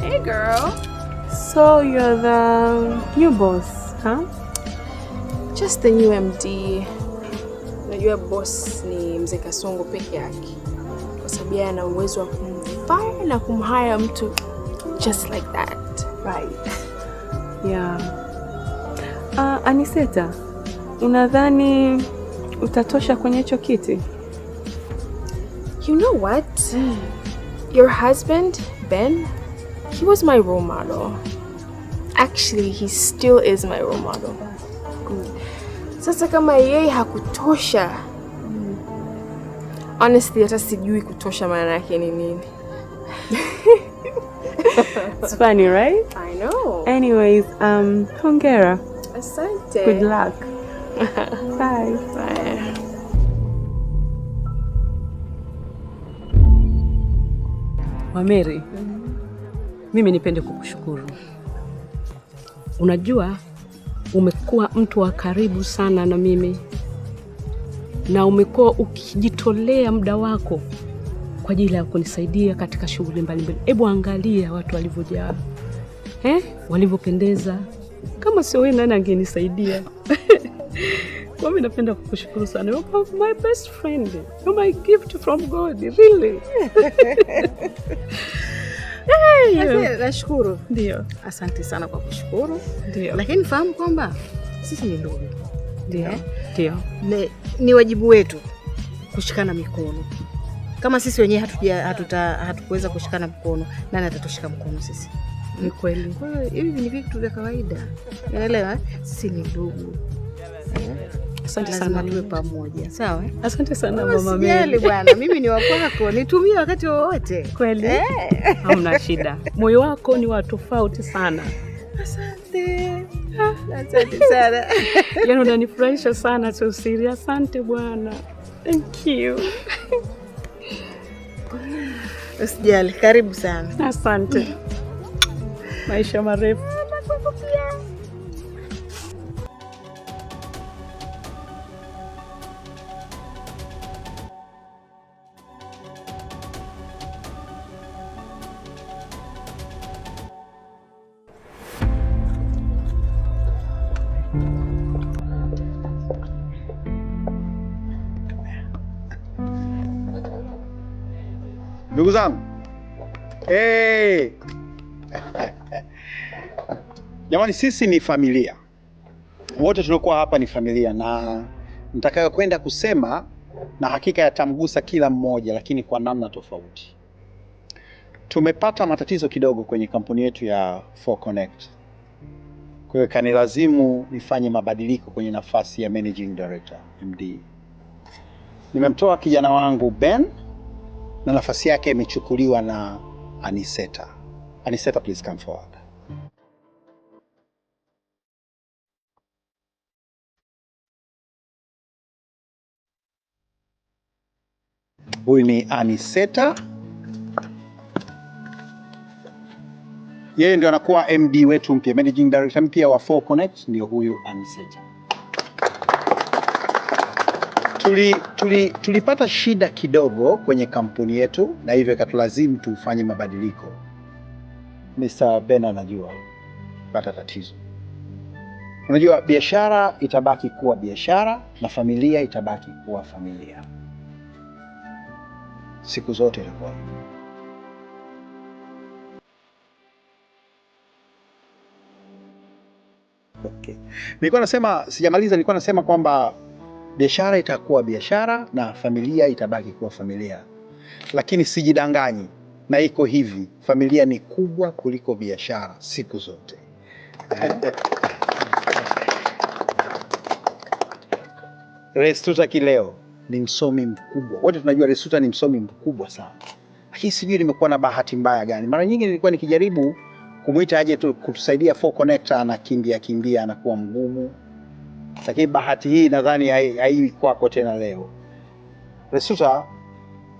Hey, girl. So you're the new boss, huh? Just the new MD. Najua boss ni mzee Kasongo peke yake, kwa sababu yeye ana uwezo wa kumfire na kumhire mtu just like that, right? Yeah. Uh, Aniseta, unadhani utatosha kwenye hicho kiti? You know what? Your husband Ben he was my role model. Actually, he still is my role model. Sasa kama yeye hakutosha, honestly hata sijui kutosha maana yake ni nini. It's funny, right? I know. Anyways, um, hongera. Asante. Good luck. Bye. Bye. Mameri. Mm -hmm mimi nipende kukushukuru. Unajua, umekuwa mtu wa karibu sana na mimi na umekuwa ukijitolea muda wako kwa ajili ya kunisaidia katika shughuli mbalimbali. Hebu angalia watu walivyojaa, eh, walivyopendeza. Kama sio wewe, nani angenisaidia? Kwa mimi napenda kukushukuru sana. are my best friend. are my gift from God, really. Nashukuru. Ndio, asante sana kwa kushukuru. Ndio, lakini fahamu kwamba sisi ni ndugu. Ndio, eh? ndio, ni wajibu wetu kushikana mikono. Kama sisi wenyewe hatuja hatuta hatukuweza kushikana mkono, nani atatushika mkono sisi? Ni kweli. Kwa hiyo hivi ni vitu vya kawaida, unaelewa? Sisi ni ndugu. Eh? Asante sana, tuwe pamoja. Sawa, asante sana mama Meli. Bwana, mimi ni wakwako, nitumie wakati wowote. Kweli eh? hamna shida, moyo wako ni wa tofauti sana. Asante, ah. asante sana yaani unanifurahisha sana Sosiri. Asante bwana, thank you. Usijali, karibu sana. Asante, maisha marefu Ndugu zangu hey. Jamani, sisi ni familia, wote tuliokuwa hapa ni familia, na nitakayokwenda kusema na hakika yatamgusa kila mmoja, lakini kwa namna tofauti. Tumepata matatizo kidogo kwenye kampuni yetu ya 4Connect, kwa hiyo kanilazimu nifanye mabadiliko kwenye nafasi ya managing director MD. Nimemtoa kijana wangu Ben na nafasi yake imechukuliwa na Aniseta. Aniseta, please come forward. Huyu ni Aniseta, yeye ndio anakuwa MD wetu mpya, managing director mpya wa 4Connect, ndio huyu Aniseta tuli, tuli, tulipata shida kidogo kwenye kampuni yetu na hivyo ikatulazimu tufanye mabadiliko. Mr. Ben anajua pata tatizo. Unajua biashara itabaki kuwa biashara na familia itabaki kuwa familia siku zote ilikuwa okay. Nilikuwa nasema sijamaliza, nilikuwa nasema kwamba biashara itakuwa biashara na familia itabaki kuwa familia. Lakini sijidanganyi, na iko hivi, familia ni kubwa kuliko biashara siku zote. Eh? Restuta kileo ni msomi mkubwa, wote tunajua Restuta ni msomi mkubwa sana, lakini sijui nimekuwa na bahati mbaya gani. Mara nyingi nilikuwa nikijaribu kumwita aje tu kutusaidia, Four Connector anakimbia kimbia, anakuwa mgumu lakini bahati hii nadhani haii kwako tena leo. Resuta,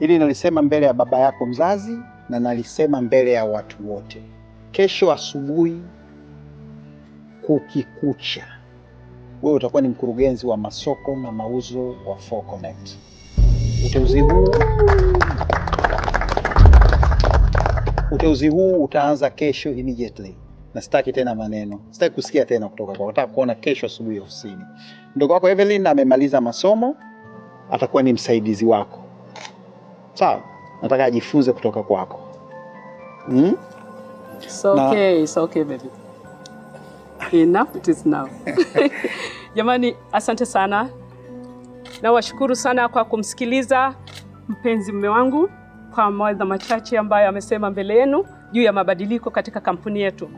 ili nalisema mbele ya baba yako mzazi na nalisema mbele ya watu wote, kesho asubuhi kukikucha, wewe utakuwa ni mkurugenzi wa masoko na mauzo wa 4Connect. Uteuzi huu uteuzi huu utaanza kesho immediately na sitaki tena maneno, sitaki kusikia tena kutoka kwako. Nataka kuona kesho asubuhi ofisini. Mdogo wako Evelyn amemaliza masomo, atakuwa ni msaidizi wako, sawa? Nataka ajifunze kutoka kwako mm? It's okay, na... it's okay baby. Enough it is now. Jamani, asante sana na washukuru sana kwa kumsikiliza mpenzi mume wangu kwa mawaidha machache ambayo amesema mbele yenu juu ya mabadiliko katika kampuni yetu.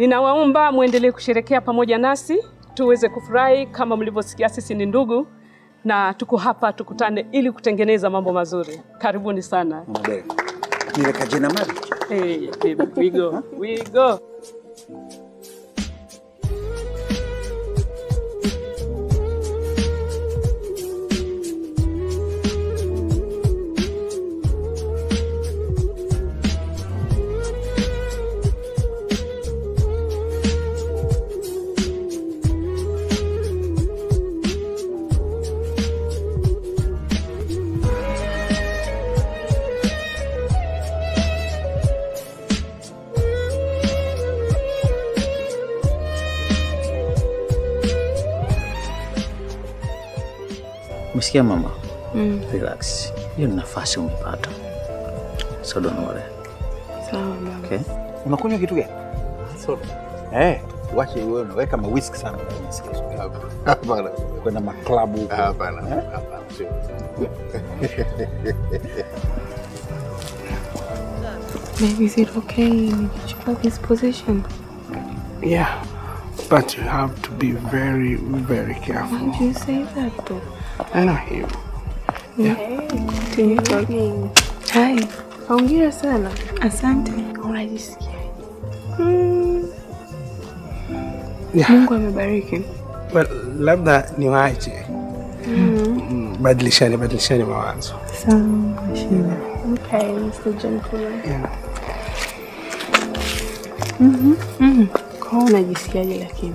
Ninawaomba muendelee kusherekea pamoja nasi tuweze kufurahi. Kama mlivyosikia, sisi ni ndugu na tuko hapa, tukutane ili kutengeneza mambo mazuri. Karibuni sana. Hey, hey, we go. We go. Umesikia mama? Mm. Relax. Hiyo ni nafasi umepata. So don't worry. Sawa mama. Okay. Unakunywa kitu gani? Soda. Eh, wache wewe unaweka ma whisk sana. Hapana. Kwenda ma maklabu. Hapana. Eh? Hapana. Maybe is it okay if you this position? Yeah. But you have to be very, very careful. Why do you say that though? I know him. Yeah. Hey, Hi. Hongera sana. Asante. Unajisikia? Mm. Yeah. Mungu amebariki. Well, labda niwaache. Mm. Mm. Badilishane, badilishane mawazo. Sawa. Okay, Mr. Gentleman. Yeah. Mhm. Mm mhm. Mm. Kwa unajisikiaje lakini?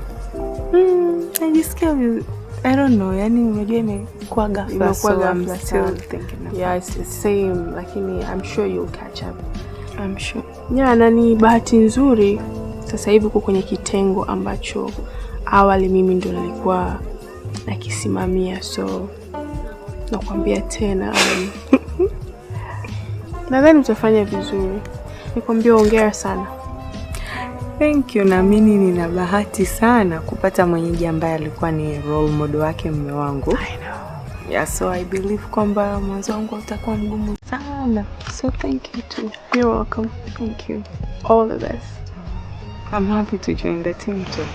Mm, najisikia vizuri. I don't know, yani unajua imekuwa ghafla, so I'm still thinking about same, lakini I'm sure you'll catch up. I'm sure. Yeah, na ni bahati nzuri sasa hivi uko kwenye kitengo ambacho awali mimi ndo nilikuwa nakisimamia, so nakwambia tena um, nadhani utafanya vizuri, nikwambia ongera sana. Thank you, naamini nina bahati sana kupata mwenyeji ambaye alikuwa ni role model wake mume wangu. I know. Yeah, so I believe kwamba mwanzo wangu utakuwa mgumu sana. So thank you too. You're welcome. Thank you. All the best. I'm happy to join the team too.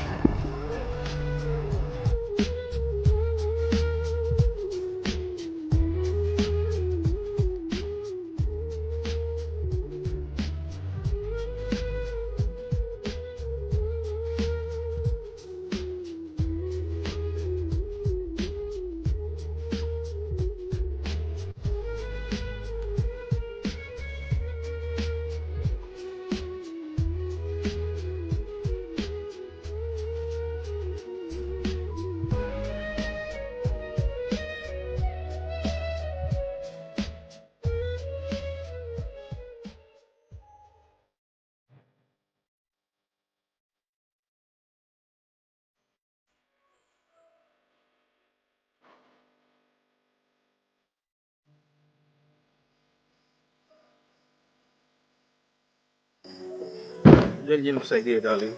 Jaribu nisaidie darling.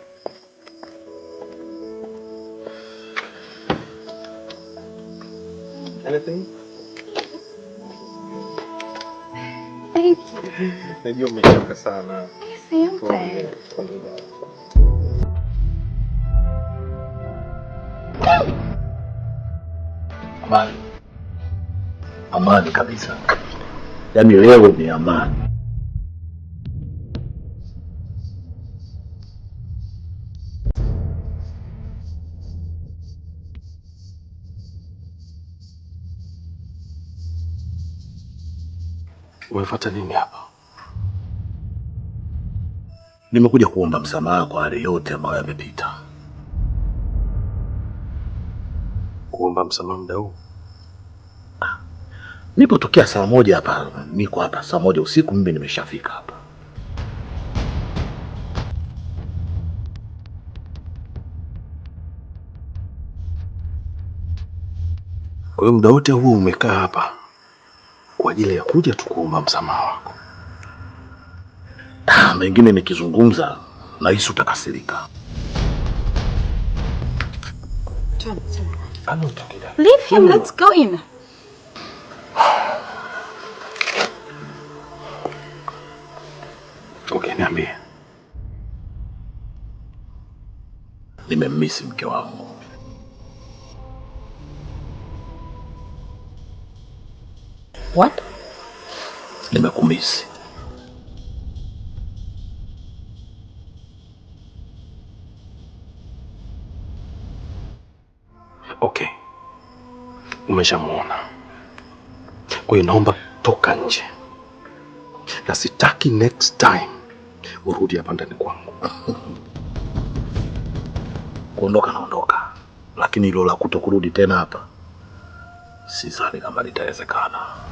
Anything? Thank Najua umechoka sana. Amani. Amani kabisa. Yaani leo ni amani. Umefuata nini hapa? Nimekuja kuomba msamaha kwa yale yote ambayo yamepita. Kuomba msamaha muda huu? nipo tokea saa moja hapa, niko hapa saa moja usiku, mimi nimeshafika hapa. Kwa hiyo muda wote huu umekaa hapa ajili ya kuja tukuomba msamaha wako. Ah, mengine nikizungumza nahisi utakasirika. Leave him, let's go in. Okay, niambie. Nimemisi mke wangu. What? Nimekumisi. Okay. Umeshamwona. Kwa hiyo naomba toka nje. Na sitaki next time urudi hapa ndani kwangu. Kuondoka naondoka, lakini hilo la kutokurudi tena hapa sidhani kama litawezekana.